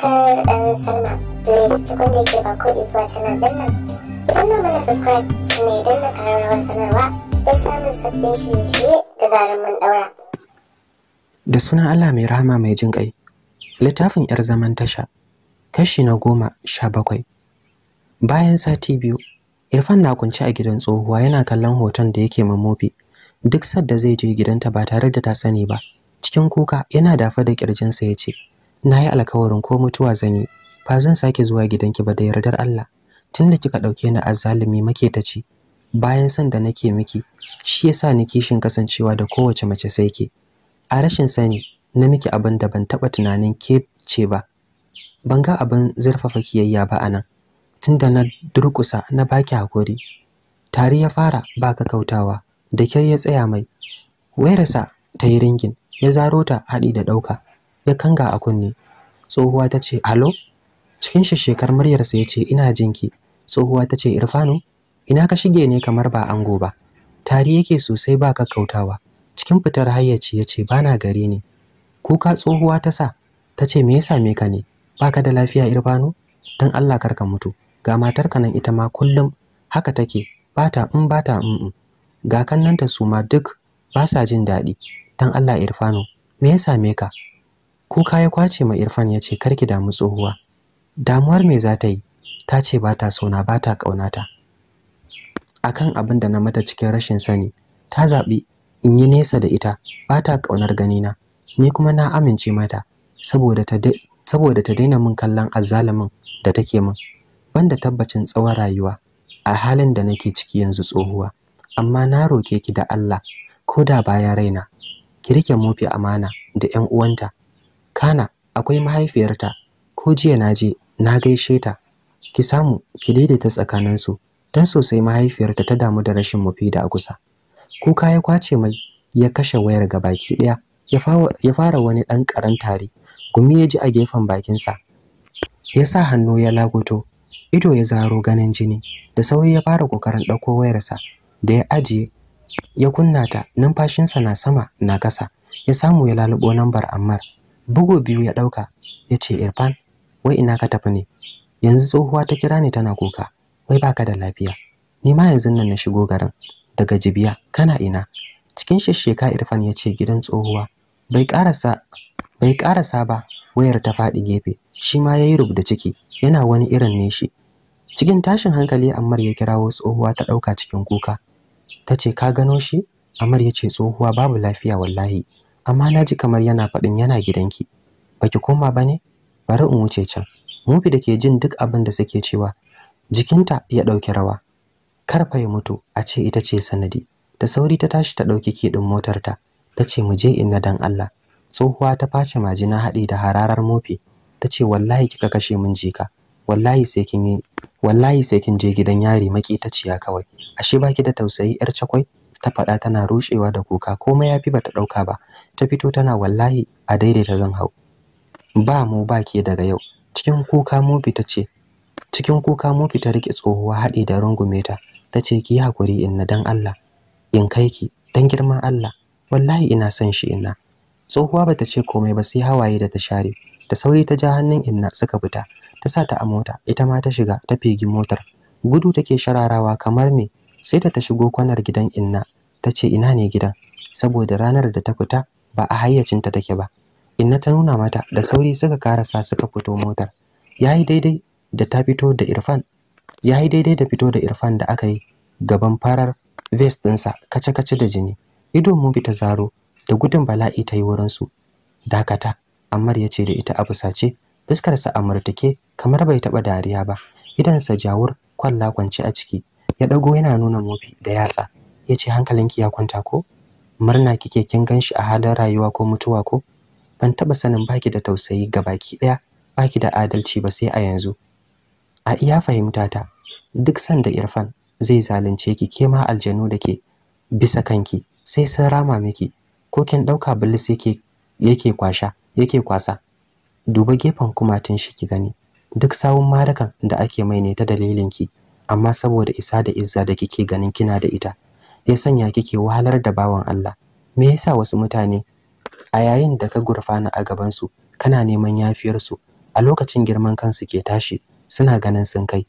subscribe and sign up. Please da yake subscribe sanarwa don samun sabbin da sunan Allah mai rahama mai jin ƙai. Littafin 'yar zaman tasha. Kashi na goma sha bakwai. Bayan sati biyu, Irfan na kunce a gidan tsohuwa yana kallon hoton da yake mamofi. Duk sadda zai je gidanta ba tare da ta sani ba. Cikin kuka yana dafa da ƙirjinsa ya ce, na yi alkawarin ko mutuwa zan yi ba zan sake zuwa gidanki ba da yardar Allah tunda kika ɗauke ni a zalimi make ta ci bayan san da nake miki shi yasa ni kishin kasancewa da kowace mace sai ke a rashin sani na miki abin da ban taɓa tunanin ke ce ba ban ga abin zurfafa kiyayya ba anan tunda na durƙusa na baki hakuri tari ya fara baka kautawa da kyar ya tsaya mai wayarsa ta yi ringin ya zaro ta haɗi da ɗauka ya kanga a kunne tsohuwa ta ce alo cikin shekar muryarsa ya ce ina jinki tsohuwa ta ce irfanu ina ka shige ne kamar ba ango ba tari yake sosai ba kakkautawa cikin fitar hayyaci ya ce bana gari ne kuka tsohuwa ta sa ta ce me ya same ka ne Ba ka da lafiya irfanu don allah karka mutu ga matarka nan ita ma kullum haka take bata in um, bata in um, um. ga kannanta su ma duk ba sa jin daɗi don allah irfanu me ya same ka kuka ya kwace mai Irfan ya ce karki damu tsohuwa damuwar me za ta yi ta ce ba ta sona ba ta ƙaunata akan abin da na mata cikin rashin sani ta zaɓi in yi nesa da ita ba ta ƙaunar ganina ni kuma na amince mata saboda ta daina min kallon azzalumin da take min banda tabbacin tsawon rayuwa a halin da nake ciki yanzu tsohuwa amma na roke ki da Allah ko da baya raina ki rike mofi amana da ƴan uwanta kana akwai mahaifiyarta ko jiya na je na gaishe ta ki samu ki daidaita tsakaninsu don sosai mahaifiyarta ta damu da rashin mufida a kusa kuka ya kwace mai ya kashe wayar ga baki ɗaya ya fara wani ɗan ƙaran tari gumi ya ji a gefen bakinsa ya sa hannu ya lagoto ido ya zaro ganin jini da sauyi ya fara kokarin ɗauko wayarsa da ya ajiye ya kunna ta numfashinsa na sama na kasa ya samu ya lalubo lambar ammar bugu biyu ya ɗauka ya ce irfan wai ina ka tafi ne yanzu tsohuwa ta kira ni tana kuka wai baka da lafiya ni ma yanzu nan na shigo garin daga jibiya kana ina cikin shisheka irfan ya ce gidan tsohuwa bai karasa bai karasa ba wayar ta faɗi gefe shi ma yayi rubda ciki yana wani irin neshi cikin tashin hankali Ammar ya kirawo tsohuwa ta ɗauka cikin kuka ta ce ka gano shi Ammar ya ce tsohuwa babu lafiya wallahi amma na ji kamar yana faɗin yana gidanki baki koma ba ne bari in wuce can mufi da ke jin duk abin da suke cewa jikinta ya ɗauki rawa karfa ya mutu a ce ita ce sanadi da sauri ta tashi ta ɗauki kiɗin motarta ta ce mu je inna dan Allah tsohuwa ta face majina haɗi da hararar mofi ta ce wallahi kika kashe min jika wallahi sai kin wallahi sai kin je gidan yari maki ciya kawai ashe baki da tausayi yar cakwai ta faɗa tana rushewa da kuka komai ya yafi bata ɗauka ba ta fito tana wallahi a daidaita zan hau ba mu ba ke daga yau cikin kuka mofi ta ce cikin kuka mu fita rike tsohuwa haɗe da rungume ta ta ce ki hakuri inna dan Allah in kai ki dan girman Allah wallahi ina son shi inna tsohuwa bata ce komai ba sai hawaye da ta share da sauri ta ja hannun inna suka fita ta sa ta a mota ita ma ta shiga ta fegi motar gudu take shararawa kamar me sai da ta shigo kwanar gidan inna ta ce ina ne gidan saboda ranar da ta fita ba a hayyacinta take ba inna ta nuna mata da sauri suka karasa suka fito motar yayi daidai da ta fito da Irfan yayi daidai da fito da Irfan da aka yi gaban farar vest ɗinsa kace-kace da jini ido mu bi ta zaro da gudun bala'i ta yi wurinsu dakata Ammar ya ce da ita abu sace, fuskarsa a murtuke kamar bai taɓa dariya ba Idan sa jawur kwalla kwance a ciki ya dago yana nuna mofi da yatsa ya ce hankalinki ya kwanta ko murna kike kin ganshi a halin rayuwa ko mutuwa ko ban taba sanin baki da tausayi ga baki daya baki da adalci ba sai a yanzu a iya fahimta ta duk sanda Irfan zai zalunce ki ke ma aljanu da ke bisa kanki sai sun rama miki ko kin dauka bilis yake yake kwasha yake kwasa duba gefen kumatin shi ki gani duk sawun marakan da ake mai ne ta dalilin ki amma saboda isa da izza da kike ganin kina da ita ya sanya kike wahalar da bawan Allah me yasa wasu mutane a yayin da ka gurfana a gaban su kana neman yafiyar su a lokacin girman kansu ke tashi suna ganin sun kai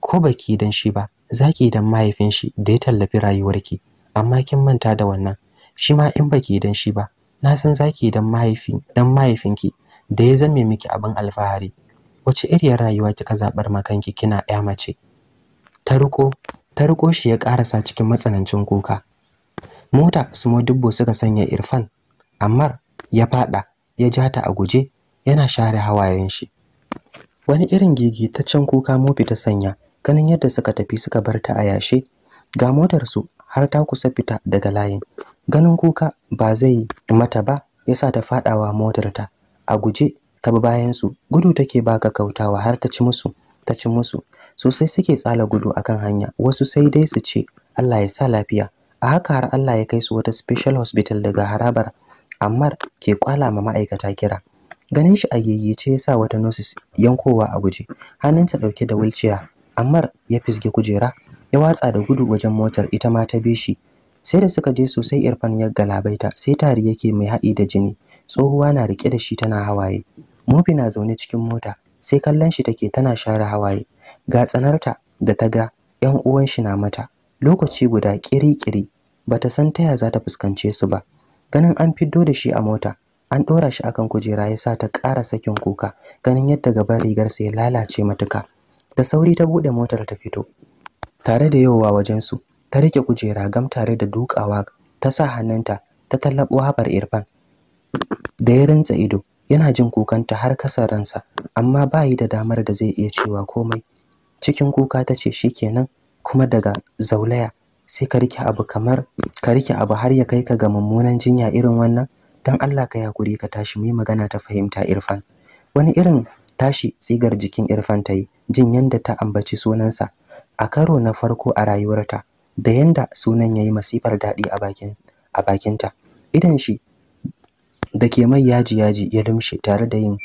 ko baki dan shi ba zaki dan mahaifin shi da ya tallafi rayuwarki amma kin manta da wannan shi ma in baki dan shi ba na san zaki dan mahaifin dan mahaifinki da ya zame miki abin alfahari wace iriyar rayuwa kika zabar makanki kina ƴa mace ta riko ta riko shi ya karasa cikin matsanancin kuka mota su sumo dubbo suka sanya irfan amma ya fada ya ja ta a guje yana share hawayen shi wani irin ta gigitaccen kuka mofi ta sanya ganin yadda suka tafi suka bar ta a yashe ga motar su har ta kusa fita daga layin ganin kuka ba zai mata ba yasa ta fadawa motar ta a guje ta bi bayan su gudu take baka kautawa har ta ci musu ta ci musu sosai suke tsala gudu akan hanya wasu sai dai su ce Allah ya sa lafiya a haka har Allah ya kai su wata special hospital daga harabar Ammar ke kwala ma ma'aikata kira ganin shi a ce ya sa wata nurses yankowa a guje hannunta dauke da wheelchair Ammar ya fisge kujera ya watsa da gudu wajen motar ita ma ta bi shi sai da suka je sosai Irfan ya galabaita sai tari yake mai haɗi da jini tsohuwa na rike da shi tana hawaye Mofi na zaune cikin mota sai kallon shi take tana share hawaye ga tsanarta da ta ga 'yan uwan shi na mata lokaci guda kiri-kiri bata san taya za ta fuskance su ba ganin an fiddo da shi a mota an ɗora shi akan kujera ya sa ta ƙara sakin kuka ganin yadda gaban rigarsa ya lalace matuka da sauri ta buɗe motar ta fito tare da yawa wajensu ta rike kujera gam tare da dukawa ta sa hannunta ta tallabo haɓar irfan da ya rantsa ido yana jin kukanta har kasa ransa amma ba yi da damar da zai iya cewa komai cikin kuka ta ce shikenan kuma daga zaulaya sai ka rike abu kamar ka rike abu har ya kai ka ga mummunan jinya irin wannan dan Allah ka yakure ka tashi mu magana ta fahimta Irfan wani irin tashi tsigar jikin Irfan ta yi jin yanda ta ambaci sunansa a karo na farko a rayuwarta da yanda sunan yayi masifar daɗi a bakin a bakinta idan shi da ke mai yaji yaji ya lumshe tare da yin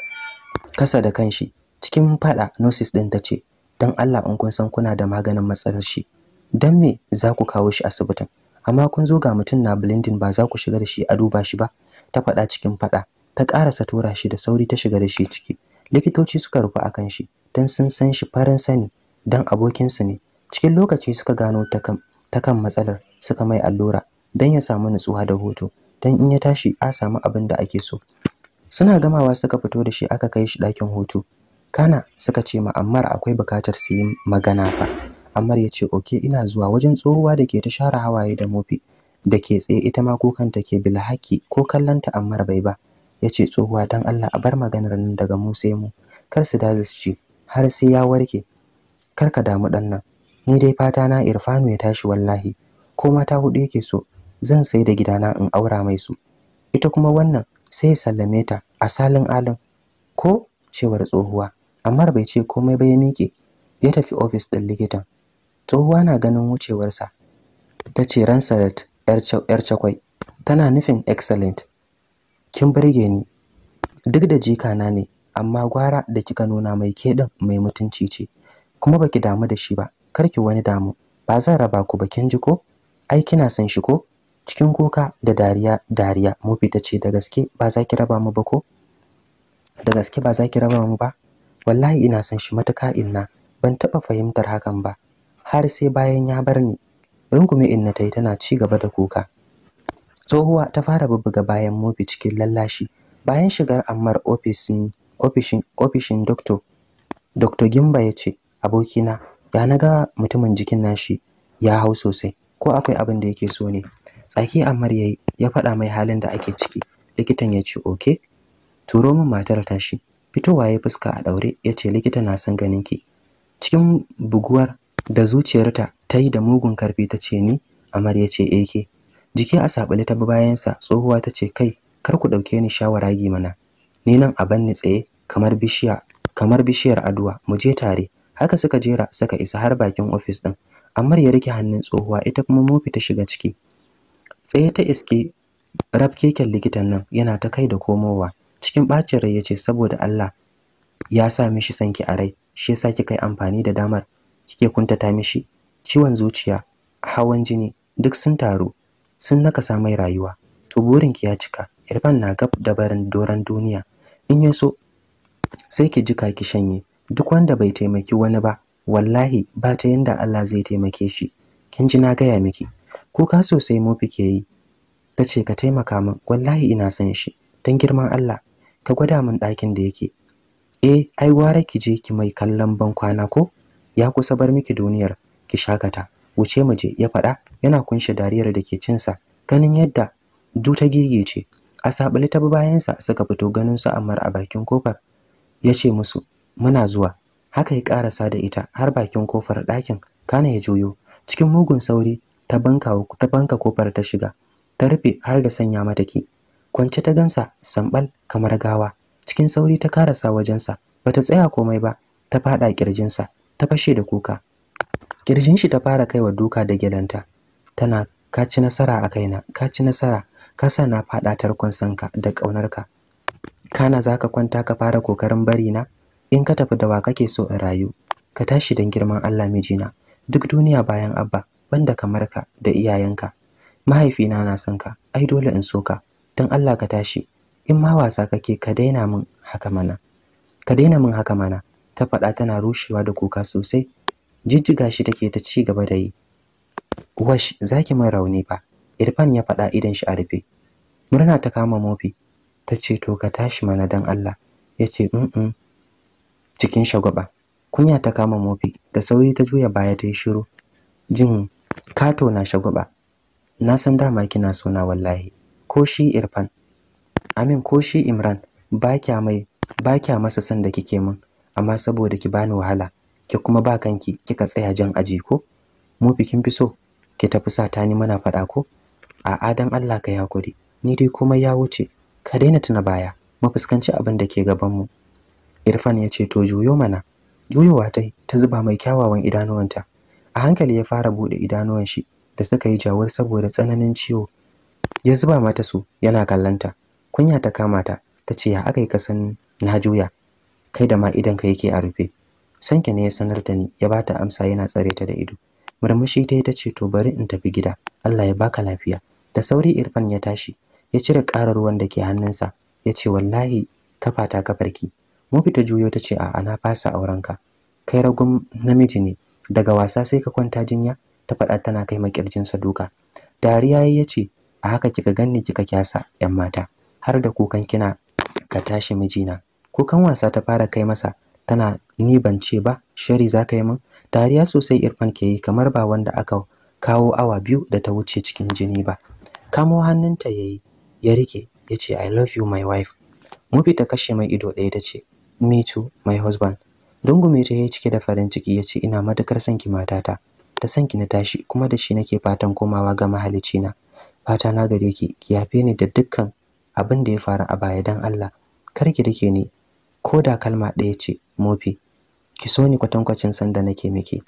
kasa da kanshi cikin fada nosis din ta ce dan Allah in kun san kuna da maganin matsalar shi dan me za ku kawo shi asibitin amma kun zo ga mutum na blending ba za ku shiga da shi a duba shi ba ta fada cikin fada ta karasa tura shi da sauri ta shiga da shi ciki likitoci suka rufe akan shi dan sun san shi farin sani dan abokinsu ne cikin lokaci suka gano ta kan matsalar suka mai allura dan ya samu nutsuwa da hoto don in ya tashi a samu abin da ake so suna gamawa suka fito da shi aka kai shi ɗakin hutu kana suka ce ma ammar akwai bukatar su yi magana fa ammar ya ce oke ina zuwa wajen tsohuwa da ke ta share hawaye da mofi da ke tsaye ita ma ko kanta ke haƙƙi ko kallon ta ammar bai ba ya ce tsohuwa don allah a bar maganar nan daga mu sai mu kar su dazu su ci har sai ya warke kar ka damu ɗan nan ni dai fata na irfanu ya tashi wallahi ko mata hudu yake so zan sai da gidana in aura mai su ita kuma wannan sai ya sallame ta a salin alin ko cewar tsohuwa amma bai ce komai ba ya miƙe ya tafi ofis ɗin likitan tsohuwa na ganin wucewarsa ta ce ransalat yar cakwai tana nufin excellent kin burge ni duk da na ne amma gwara da kika nuna mai ke din mai mutunci ce kuma baki damu da shi ba kar ki wani damu ba zan raba ku ba kin ji ko ai kina son shi ko cikin kuka da dariya dariya mu ta ce da gaske ba za ki raba mu ba ko da gaske ba za ki raba mu ba wallahi ina san shi matuka inna ban taɓa fahimtar hakan ba har sai bayan ya bar ni rungume inna ta yi tana ci gaba da kuka tsohuwa ta fara bubbuga bayan mofi cikin lallashi bayan shigar ammar ofishin ofishin ofishin doctor dr gimba yace ce abokina ya naga mutumin jikin nashi ya hau sosai ko akwai abin da yake so ne Tsaki Ammar yayi ya faɗa mai halin da ake ciki. Likitan ya ce okay. Turo min matar tashi. Fitowa ya fuska a daure ya ce likita na san ganin ki. Cikin buguwar da zuciyarta ta yi da mugun karfi ta ce ni Ammar ya ce eke. Eh, Jiki a saɓali ta bi bayansa tsohuwa ta ce kai kar ku ɗauke ni shawaragi mana. Ni nan a banni tsaye kamar bishiya kamar bishiyar aduwa mu je tare haka suka jera suka isa har bakin ofis ɗin. Ammar ya rike hannun tsohuwa ita kuma mofi ta shiga ciki tsaye ta iske keken likitan nan yana ta kai da komowa cikin bacin rai yace saboda Allah ya sa mishi sanki a rai shi yasa kika yi amfani da damar kike kuntata mishi ciwon zuciya hawan jini duk sun taru sun nakasa mai rayuwa to burinki ya cika Irfan na gab da barin doran duniya in ya so sai ki jika ki shanye duk wanda bai taimaki wani ba wallahi ba ta yanda Allah zai taimake shi kin ji na gaya miki kuka sosai mofi ke yi ta ce ka taimaka min wallahi ina son shi don girman Allah ka gwada min ɗakin da yake eh ai gwara ki je ki mai kallon ban kwana ko ya kusa bar miki duniyar ki shakata wuce mu je ya faɗa yana kunshe dariyar da ke cinsa ganin yadda du ta ce. a sabali ta bayansa suka fito ganin su Ammar a bakin kofar ya ce musu muna zuwa haka ya karasa da ita har bakin kofar ɗakin kana ya juyo cikin mugun sauri ta banka ta banka kofar ta shiga ta rufe har da sanya mata ki kwance ta gansa sambal kamar gawa cikin sauri ta karasa wajensa bata tsaya komai ba ta fada kirjinsa ta fashe da kuka kirjin shi ta fara kaiwa duka da gelanta tana ka ci nasara a kaina ka ci nasara ka sa na fada tarkon sanka da kaunarka kana zaka kwanta ka fara kokarin bari na in ka tafi da wa kake so in rayu ka tashi dan girman Allah mijina duk duniya bayan abba banda kamar ka da iyayenka mahaifina na son ka ai dole in so ka don Allah ka tashi in ma wasa kake ka daina min haka mana ka daina min haka mana ta faɗa tana rushewa da kuka sosai jijjiga shi take ta ci gaba da yi wash zaki mai rauni ba Irfan ya faɗa idan shi a rufe murna ta kama mofi ta ce to ka tashi mana don Allah ya ce mm cikin shagwaba kunya ta kama mofi da sauri ta juya baya ta yi shiru jin Kato na shaguba na san dama kina suna wallahi ko shi irfan amin ko shi imran ba kya mai ba masa san da kike mun amma saboda ki bani wahala ki kuma ba kanki kika tsaya jan aji ko mu fikin fi so ki tafi sata ni muna faɗa ko a adam Allah ka yakuri ni dai komai ya wuce ka daina tuna baya mu fuskanci abin da ke gaban mu Irfan ya ce to juyo mana juyowa tai ta zuba mai kyawawan idanuwanta a hankali ya fara bude idanuwan shi da suka yi jawar saboda tsananin ciwo ya zuba mata su yana kallanta kunya ta kama ta tace ya akai ka san na juya kai da ma idan ka yake a rufe sanke ne ya sanar da ni ya bata amsa yana tsare ta da ido murmushi ta ce to bari in tafi gida Allah ya baka lafiya da sauri Irfan ya tashi ya cire ƙarar ruwan da ke hannunsa ya ce wallahi kafa ta kafarki mu fita juyo ta ce a ana fasa aurenka kai ragun namiji ne daga wasa sai ka kwanta jinya ta faɗa tana kai makirjinsa duka dariya ya ce a haka kika ganni kika kyasa yan mata har da kukan kina ka tashi mijina kukan wasa ta fara kai masa tana ni ban ce ba shari za ka yi min dariya sosai irfan ke yi kamar ba wanda aka kawo awa biyu da ta wuce cikin jini ba kamo hannunta ya yi ya rike ya ce i love you my wife mufi ta kashe mai ido ɗaya ta ce me too my husband Dungume ta yi cike da farin ciki ya ce ina matukar son ki matata. ta sanki ki na tashi kuma da shi nake fatan komawa ga mahalicci na. Fata na gare ki ki yafe ni da dukkan abin da ya faru a baya dan Allah. Kar ki dake ni ko da kalma ɗaya ce mofi. Ki so ni kwatankwacin sanda nake miki.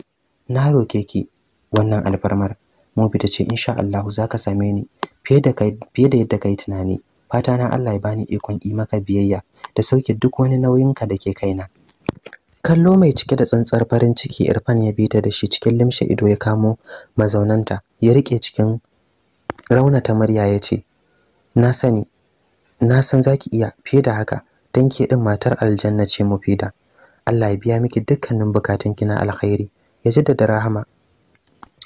Na roke ki wannan alfarmar. Mofi ta ce insha Allah za ka same ni fiye da fiye da yadda kai tunani. Fata na Allah ya bani ikon yi maka biyayya da sauke duk wani nauyinka da ke kaina. kallo mai cike da tsantsar farin ciki irfan ya bi ta da shi cikin limshe ido ya kamo mazaunanta ya rike cikin raunata murya ya ce na sani na san zaki iya fiye da haka dan ke din matar aljanna ce mufida Allah ya biya miki dukkanin bukatunki na alkhairi ya jaddada rahama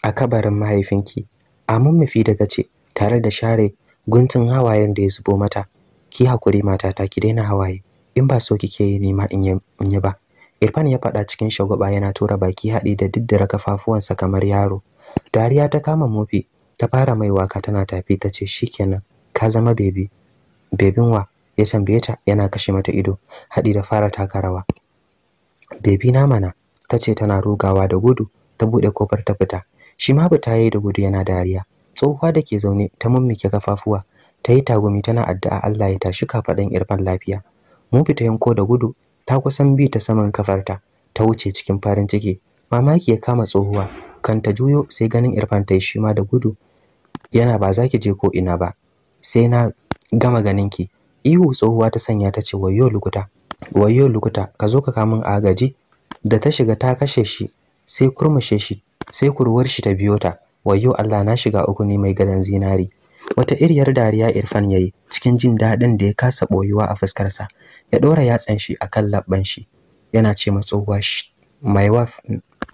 a kabarin mahaifinki amin mufida ta ce tare da share guntun hawayen da ya zubo mata ki hakuri matata ki daina hawaye in ba so kike yi nema in yi ba Irfan ya faɗa cikin shagwaba yana tura baki haɗi da diddira kafafuwansa kamar yaro. Dariya ta kama mofi ta fara mai waka tana tafi ta ce shikenan ka zama bebi. Bebin wa ya tambaye ta yana kashe mata ido haɗi da fara takarawa. rawa. Bebi na mana ta ce tana rugawa da gudu ta buɗe kofar ta fita. Shi ma fita yayi da gudu yana dariya. Tsohuwa da ke zaune ta mummike kafafuwa ta yi tagumi tana addu'a Allah ya tashi kafaɗan Irfan lafiya. Mufi ta yanko da gudu ta kusan bi ta saman kafarta ta wuce cikin farin ciki mamaki ya kama tsohuwa kan ta juyo sai ganin irfan ta shi ma da gudu yana ba za ki je ko ina ba sai na gama ganin ki ihu tsohuwa ta sanya ta ce wayo lukuta wayo lukuta ka zo ka kamun agaji da ta shiga ta kashe shi sai kurmushe shi sai kurwar shi ta biyo ta wayo Allah na shiga uku ne mai gadon zinari wata iriyar dariya Irfan yayi cikin jin daɗin da ya kasa boyuwa a fuskarsa ya ɗora yatsan shi akan labban shi yana ce ma tsohuwa my wife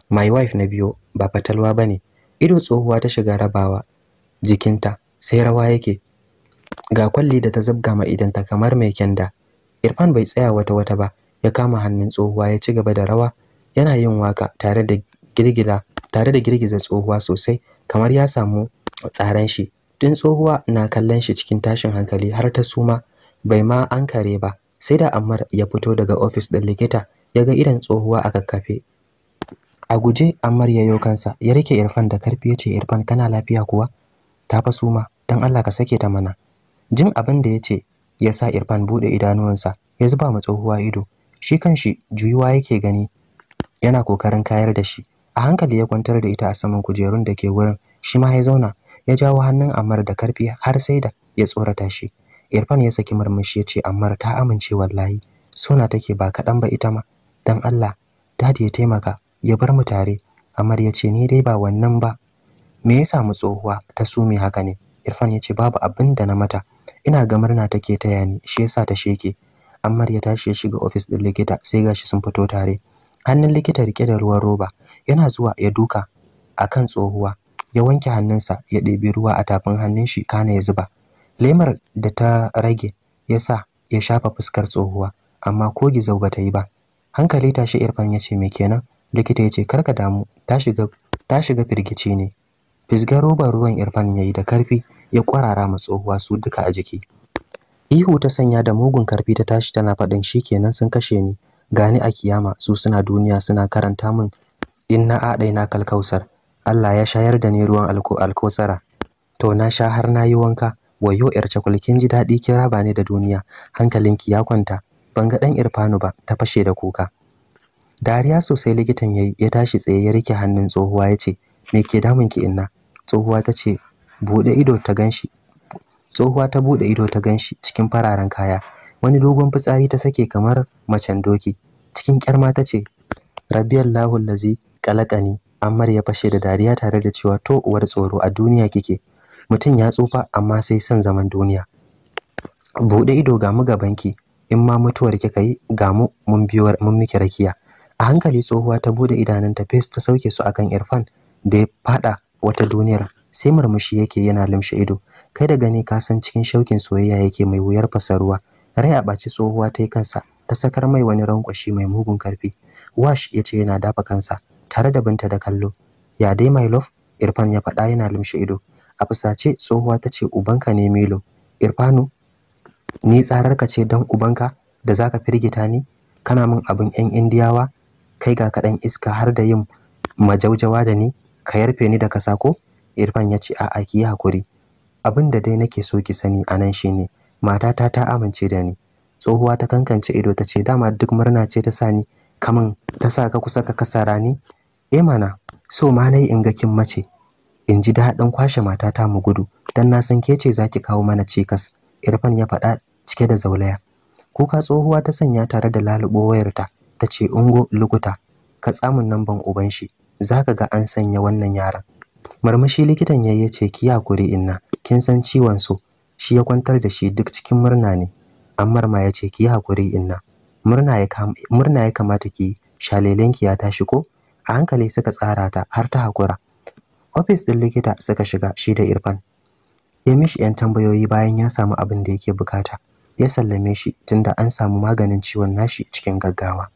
my wife na biyo ba fatalwa bane ido tsohuwa ta shiga rabawa jikinta sai rawa yake ga kwalli da ta zabga ma idan ta kamar mai kenda, Irfan bai tsaya wata wata ba ya kama hannun tsohuwa ya ci gaba da rawa yana yin waka tare da girgiza tare da girgiza tsohuwa sosai kamar ya samu tsaran shi Din tsohuwa na kallon shi cikin tashin hankali har ta suma bai ma an kare ba sai da Ammar ya fito daga ofis ɗin likita ya ga idan tsohuwa a kakkafe a guje Ammar ya yo kansa ya rike Irfan da karfi ya ce Irfan kana lafiya kuwa ta fa suma dan Allah ka sake ta mana jin abin da ya ce ya sa Irfan bude idanuwansa ya zuba ma tsohuwa ido shi kanshi juyuwa yake gani yana kokarin kayar da shi a hankali ya kwantar da ita a saman kujerun da ke wurin shi ma ya zauna ya jawo hannun Ammar da karfi har sai da ya tsorata shi Irfan ya saki murmushi ya ce Ammar ta amince wallahi suna take ba kaɗan ba ita ma dan Allah dadi ya taimaka ya bar mu tare Ammar ya ce ni dai ba wannan ba me ya mu tsohuwa ta sume haka ne Irfan ya ce babu abin da na mata ina ga murna take taya ni shi yasa ta sheke Ammar ya tashi ya shiga ofis din likita sai gashi sun fito tare hannun likita rike da ruwan roba yana zuwa ya duka akan tsohuwa ya wanke hannunsa ya ɗebi ruwa a tafin hannun shi kana ya zuba lemar da ta rage ya sa ya shafa fuskar tsohuwa amma ko gizau ba ta yi ba hankali tashi irfan ya ce me kenan likita ya ce karka damu ta shiga firgici ne fisgar robar ruwan irfan ya yi da karfi ya kwarara ma tsohuwa su duka a jiki ihu ta sanya da mugun karfi ta tashi tana faɗin shi kenan sun kashe ni gani a kiyama su suna duniya suna karanta min in na inna na kalkausar Allah ya shayar da ni ruwan alkosara to na sha har na yi wanka wayo yar cakul ji daɗi kira ba ni da duniya hankalinki ya kwanta ban ga ɗan irfanu ba ta fashe da kuka dariya sosai likitan yayi ya tashi tsaye ya rike hannun tsohuwa ya ce me ke damun ki inna tsohuwa ta ce bude ido ta ganshi tsohuwa ta bude ido ta ganshi cikin fararen kaya wani dogon fitsari ta sake kamar macen doki cikin kyarma ta ce rabiyallahu allazi kalakani Ammar ya fashe da dariya tare da cewa to uwar tsoro a duniya kike. Mutum ya tsufa amma sai son zaman duniya. Bude ido ga mu gabanki in ma mutuwar kika yi ga mu mun biyuwar mun miki rakiya. A hankali tsohuwa ta bude idanunta fes ta sauke su akan Irfan da ya fada wata duniyar sai murmushi yake yana limshe ido kai da gani ka san cikin shaukin soyayya yake mai wuyar fasaruwa rai a ɓaci tsohuwa ta yi kansa ta sakar mai wani rankwashi mai mugun karfi wash ya ce yana dafa kansa tare da binta da kallo ya dai my love irfan ya faɗa yana lumshe ido a fusace tsohuwa ta ce ubanka ne milo irfanu ni tsararka ce don ubanka da zaka firgita ni kana min abin yan indiyawa kai ga kaɗan iska har da yin majaujawa da ni ka yarfe ni da kasa ko irfan ya ce a'a ki yi hakuri abin da dai nake so ki sani anan shine matata ta amince da ni tsohuwa ta kankance ido ta ce dama duk murna ce ta sani kamin ta sa ka kusa ka kasara ni eh mana so ma nayi in ga kin mace in ji daɗin kwashe matata mu gudu dan na san kece zaki kawo mana cikas irfan ya faɗa cike da zaulaya kuka tsohuwa ta sanya tare da lalubo wayarta ta ce ungo lukuta ka tsamun nan ban uban shi zaka ga an sanya wannan yaran marmashi likitan yayi ya ce ki hakuri inna kin san ciwon su shi ya kwantar da shi duk cikin murna ne ammar ma ya ce ki hakuri inna murna ya murna ya kamata ki shalelenki ya tashi ko a hankali suka tsara ta har ta hakura ofis ɗin likita suka shiga shi da irfan ya mishi 'yan tambayoyi bayan ya samu abin da yake bukata ya sallame shi tunda an samu maganin ciwon nashi cikin gaggawa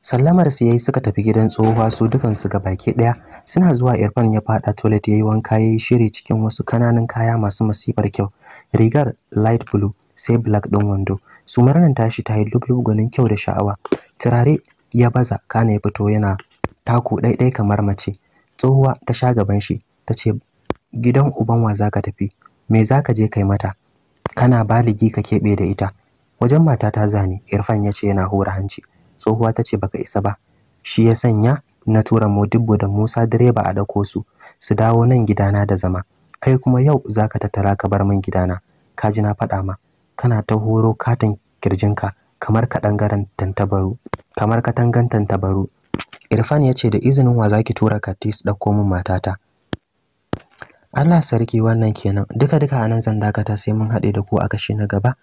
sallamar su yayi suka tafi gidan tsohuwa su dukan su baki daya suna zuwa Irfan ya fada toilet yayi wanka yayi shiri cikin wasu kananan kaya masu masifar kyau rigar light blue sai black din wando su tashi ta yi lub gwanin kyau da sha'awa turare ya baza kana ya fito yana taku ɗaiɗai kamar mace tsohuwa ta sha gaban shi ta ce gidan uban wa za ka tafi me zaka je kai mata kana baligi ka keɓe da ita wajen mata ta zane irfan ya ce yana hura hanci tsohuwa ta ce baka isa ba shi ya sanya na tura modibbo da musa direba a dako su su dawo nan gidana da zama kai kuma yau zaka ka tattara ka bar min gidana ka ji na faɗa ma kana ta horo katin kirjinka kamar katangan tantabaru kamar katangan tantabaru Irfan ya ce da izinin wa zaki tura Kati su ɗauko min matata. Allah sarki wannan kenan duka duka anan zan dakata sai mun haɗe da ku a kashi na gaba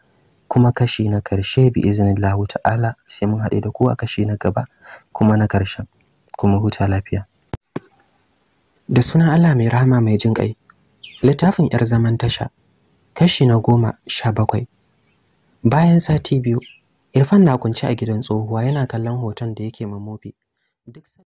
kuma kashi na karshe bi izinin lahu ta'ala sai mun haɗe da ku a kashi na gaba kuma na karshen kuma huta lafiya. Da sunan Allah mai rahama mai jin ƙai littafin 'yar zaman tasha kashi na goma sha bakwai bayan sati biyu Irfan na kunce a gidan tsohuwa yana kallon hoton da yake mamobi duk